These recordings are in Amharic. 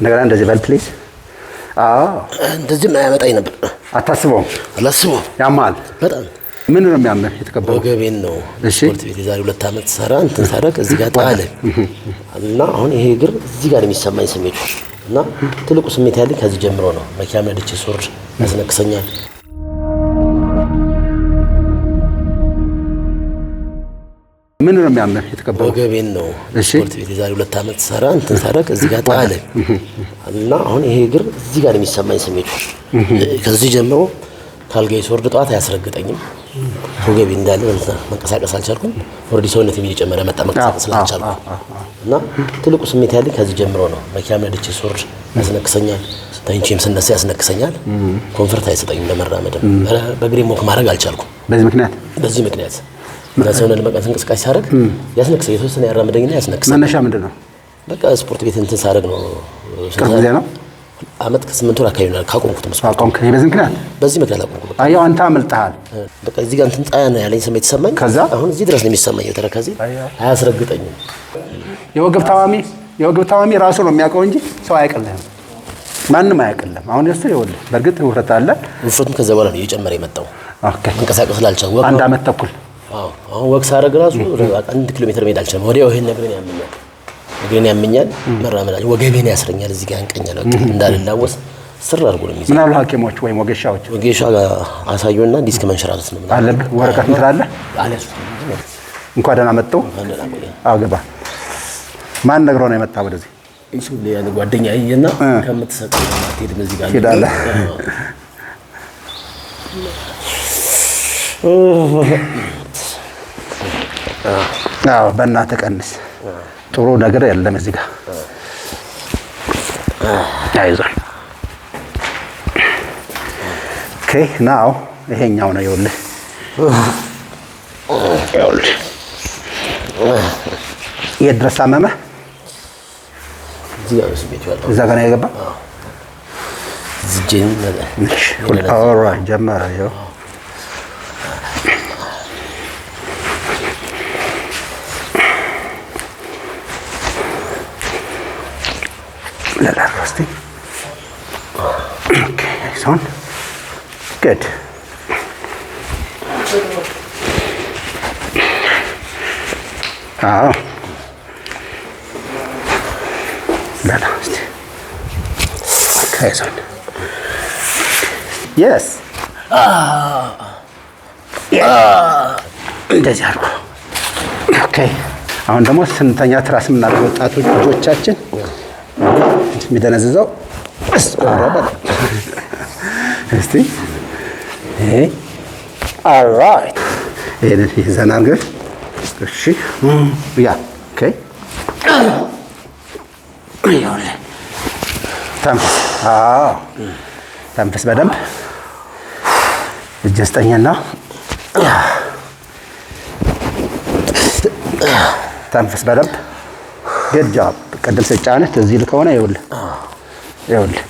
እንደገና እንደዚህ በል ፕሊዝ። አዎ እንደዚህ አያመጣኝ ነበር። አታስበውም? አላስበውም። ያማል በጣም ምን ነው የሚያምር የተቀበለው ወገቤን ነው። እሺ ስፖርት ቤት የዛሬ ሁለት ዓመት ሰራ እንትን ሳደርግ እዚህ ጋር ጣለ እና አሁን ይሄ እግር እዚህ ጋር የሚሰማኝ ስሜቱ እና ትልቁ ስሜት ያለኝ ከዚህ ጀምሮ ነው። መኪና ነድቼ ሶርድ ያስነክሰኛል። ምን ነው የሚያምህ? የተቀበለው ወገቤን ነው። ስፖርት ቤት የዛሬ ሁለት ዓመት ሰራ እንትን ሳደርግ እዚህ ጋር ጣለ እና አሁን ይሄ እግር እዚህ ጋር የሚሰማኝ ስሜቱ ከዚህ ጀምሮ ካልጋይ ስወርድ ጠዋት አያስረግጠኝም። ወገቤ እንዳለ መንቀሳቀስ አልቻልኩም። ወርዲ ሰውነት እየጨመረ መጣ መንቀሳቀስ ስላልቻልኩ እና ትልቁ ስሜት ያለኝ ከዚህ ጀምሮ ነው። መኪናም ነድቼ ስወርድ ያስነክሰኛል፣ ተኝቼም ስነሳ ያስነክሰኛል። ኮንፈርት አይሰጠኝም ለመራመድም። በእግሬ ሞክ ማድረግ አልቻልኩም በዚህ ምክንያት በዚህ ምክንያት ሰውነ ለመቀነስ እንቅስቃሴ ሳደርግ ያስነክሰ የተወሰነ ያራምደኝና ያስነክሰ። መነሻ ምንድን ነው? በቃ ስፖርት ቤት እንትን ሳደርግ ነው። ቅርብ ጊዜ ነው። አመት ከስምንት ወር አካባቢ ነው ካቆምኩት። በዚህ ምክንያት በዚህ ምክንያት አቆምኩ። አየሁ አንተ አመልጠሃል። በቃ እዚህ ጋር እንትን ጣያ ነው ያለኝ ስሜት ተሰማኝ። ከዛ አሁን እዚህ ድረስ ነው የሚሰማኝ። የተረከዜ አያስረግጠኝም። የወገብ ታማሚ የወገብ ታማሚ ራሱ ነው የሚያውቀው እንጂ ሰው አያውቅልህም። ማንም አያውቅልህም። አሁን ስ ይኸውልህ፣ በእርግጥ ውፍረት አለ። ውፍረቱም ከዛ በኋላ ነው እየጨመረ የመጣው መንቀሳቀስ ላልቻልኩ አንድ አመት ተኩል አሁን ወቅስ አረግ ራሱ አንድ ኪሎ ሜትር መሄድ አልችልም። ወዲያው ይሄን ነግረን ያምኛል እግሬን ያምኛል፣ መራመድ ወገቤን ያስረኛል፣ እዚህ ጋር ያንቀኛል። እንዳልላወስ ስር አድርጎ ነው የሚይዘው። ምን አሉ ሐኪሞች ወይም ወገሻዎች? ወገሻ አሳዩና ዲስክ መንሸራተት ነው አለ። ወረቀት እንትን አለ አለሱ እንኳን ደህና መጡ። አዎ ገባ። ማን ነግሮ ነው የመጣ ወደዚህ? እሱ ለያ ጓደኛ ይየና ከምትሰጠው ማቴድ በዚህ ጋር ይላል። ኦህ አዎ በእናትህ ቀንስ። ጥሩ ነገር የለም እዚህ ጋር አይዞህ። ኦኬ ናው ይሄኛው ነው። ይኸውልህ ይኸውልህ የት ድረስ አመመህ? እዛ ጋር ነው የገባህ? ጀመረ let that rusty. Okay, next one. Good. የስ ah. እንደዚህ አድርጎ አሁን ደግሞ ስንተኛ ትራስ የምናደርግ ወጣቶች ልጆቻችን የሚጠነዝዘው እስቲ አራይት ይሄንን ዘና አድርገሽ ተንፍስ በደንብ እጅ ስጠኝና ተንፍስ በደንብ good job ቅድም ስጫንህ እዚህ ልህ ከሆነ ይኸውልህ ይኸውልህ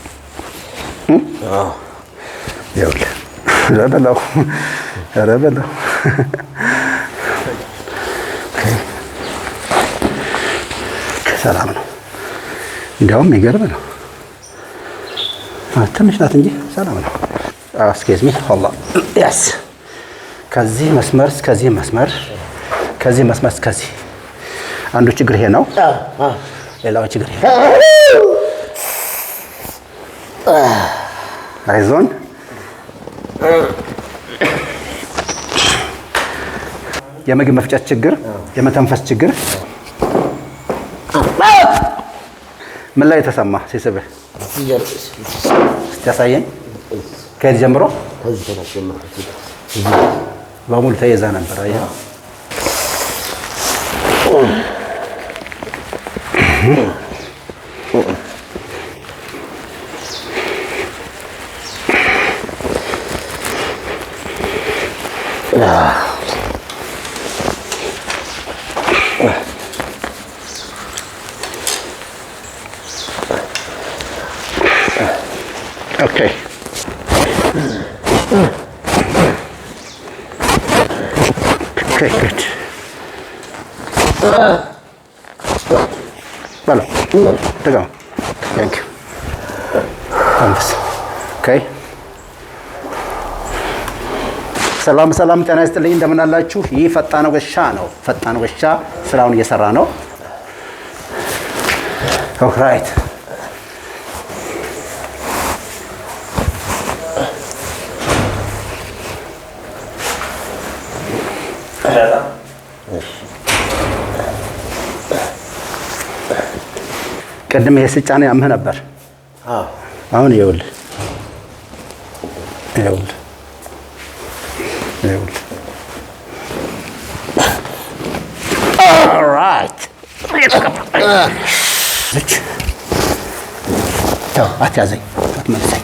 ሰላም ነው። እንዲያውም የሚገርም ነው። ትንሽ ናት እንጂ ሰላም ነው። ሚ ያስ ከዚህ መስመር እስከዚህ መስመር ከዚህ መስመር እስከዚህ አንዱ ችግር ይሄ ነው። ሌላው ችግር አይዞን የምግብ መፍጨት ችግር፣ የመተንፈስ ችግር ምን ላይ ተሰማ ሲስብህ? ሲያሳየኝ ከየት ጀምሮ? በሙሉ ተይዘህ ነበር። Okay. Okay, good. Uh. ድጋም ቴንክ ዩ ኦኬ። ሰላም ሰላም፣ ጤና ይስጥልኝ እንደምን አላችሁ? ይህ ፈጣን ወሻ ነው። ፈጣን ወሻ ስራውን እየሰራ ነው። ኦራይት ቅድም ይሄ ስጫን ያምህ ነበር። አሁን ይውል ይውል ይኸውልህ ይኸውልህ አትያዘኝ፣ አትመልሰኝ።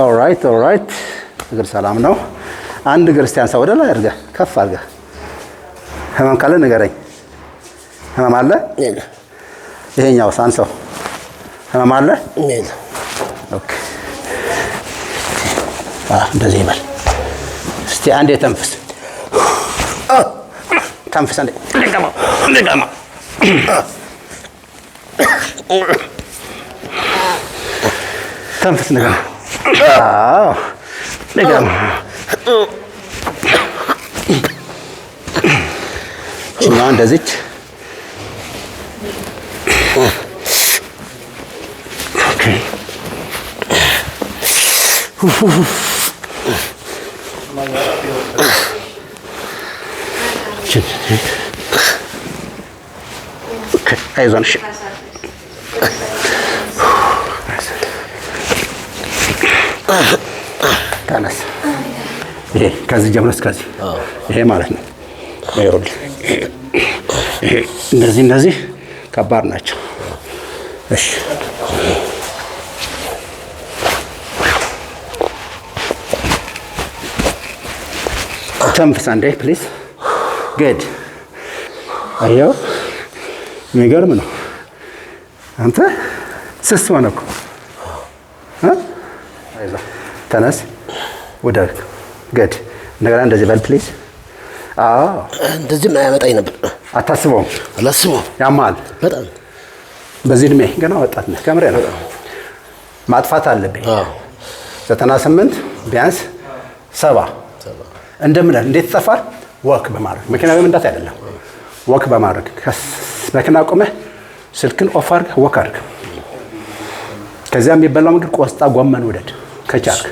ኦል ራይት ኦል ራይት። እግር ሰላም ነው። አንድ እግር እስቲ አንሳ ወደ ላይ አድርገህ ከፍ አድርገህ ህመም ካለ ንገረኝ። ህመም አለ? ይሄኛው ሳንሰው ህመም አለ? እንደዚህ ይበል። እስቲ አንዴ ተንፍስ፣ ተንፍስ አንዴ ተንፍስ፣ ንገማ ንገማ ይችኛዋ እንደዚች አይዞን ተነስ። ይሄ ከዚህ ጀምሮ እስከዚህ ይሄ ማለት ነው። ይኸውልህ እነዚህ ከባድ ናቸው። እሺ ተንፍስ አንዴ ፕሊዝ። ግድ አየው፣ የሚገርም ነው። አንተ ስስ ሆነ እኮ ተነስ፣ ውደቅ። ግድ እንደገና እንደዚህ በል ፕሊዝ እንደዚህ አያመጣኝ ነበር። አታስበውም? አላስበውም። ያማል በጣም በዚህ እድሜ ገና ወጣት ነህ። ከምሬ ነው። ማጥፋት አለብኝ። ዘጠና ስምንት ቢያንስ ሰባ እንደምን እንዴት ይጠፋል? ወክ በማድረግ መኪና በመንዳት አይደለም፣ ወክ በማድረግ መኪና ቆመህ ስልክን ኦፍ አድርግ፣ ወክ አድርግ። ከዚያ የሚበላው ምግብ ቆስጣ፣ ጎመን ውደድ ከቻልክ